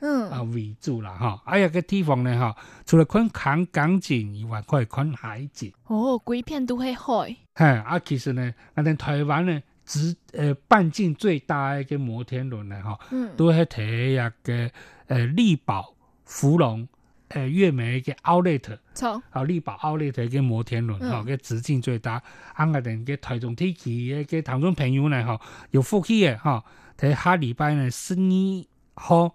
嗯啊為主啦。吼、哦，啊，呀、這個地方呢吼、哦，除了看港港景，以外看海景。哦，規片都喺海。嘿、嗯，啊其實呢，啊咱台灣呢，直誒、呃、半徑最大一個摩天輪呢哈，哦嗯、都喺台個誒立、呃、寶、芙蓉、誒月眉個 Outlet。錯。啊立寶 Outlet 個摩天輪哈，個、嗯哦、直徑最大。啊個咱個台中天氣誒，這個台中朋友呢吼、哦，有福氣誒吼，睇下禮拜呢生意好。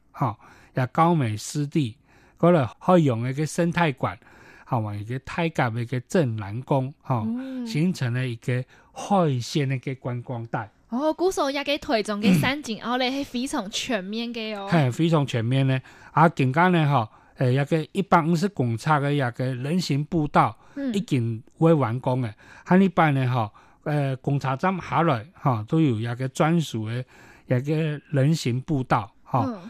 好，又、哦、高美濕地嗰度開用一個生態館，好，還一個大甲嘅一個鎮南宮，嚇、哦，嗯、形成了一個海線的一個觀光帶。哦，說數一個台中嘅山景，我哋是非常全面的哦。係、嗯、非常全面呢啊，近天呢，嚇、呃，誒一個一百五十公尺的，一個人行步道，嗯、已經會完工嘅。喺呢班呢，嚇，誒公車站下來，嚇、哦，都有一個專屬的，一個人行步道，嚇、哦。嗯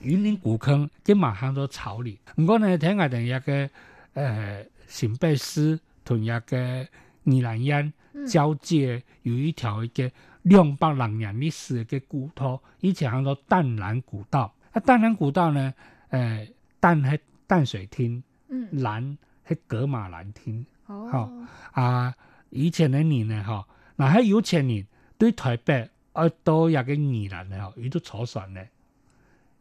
雨雲林古坑兼埋行咗草嶺，唔該你睇下，第日個呃，新北市同日個宜蘭縣交界有一條一個兩百零二年歷史的古道，以前行到淡蘭古道。啊，淡蘭古道呢？呃，淡係淡水廳，嗯，蘭係噶瑪蘭廳哦，好啊，以前的年呢？哈，那喺有錢人對台北愛到入嘅宜蘭呢？嗬，佢都坐船呢。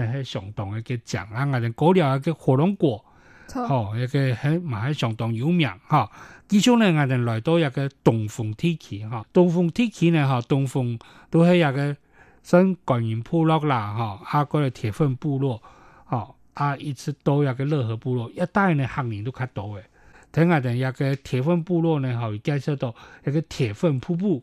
係喺上當嘅嘅醬啊！一家我哋嗰條嘅火龍果，好一個喺麻喺相當有名哈、哦。其中咧我哋來到一個東風天氣哈、哦，東風天氣咧哈，東風都係一個新高原部落啦哈，阿個鐵粉部落，哦，啊，一直、啊哦、到一個樂合部落一帶嘅客人都較多嘅。等我哋一個鐵粉部落咧，哈，會介紹到一個鐵粉瀑布。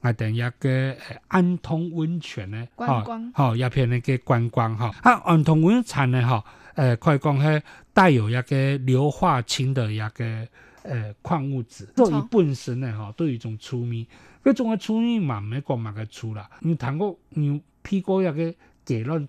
還訂一個安通温泉觀光吓，一片嚟個觀光，吓、哦哦，啊，安通温泉咧，吓、呃，誒，可以講係帶有一個硫化氫嘅一個誒礦物質，所以、嗯、本身咧，吓，都有一種除味，嗰、嗯、種嘅除味嘛，美國咪嘅除啦，你談過你批過、嗯、過一個結論。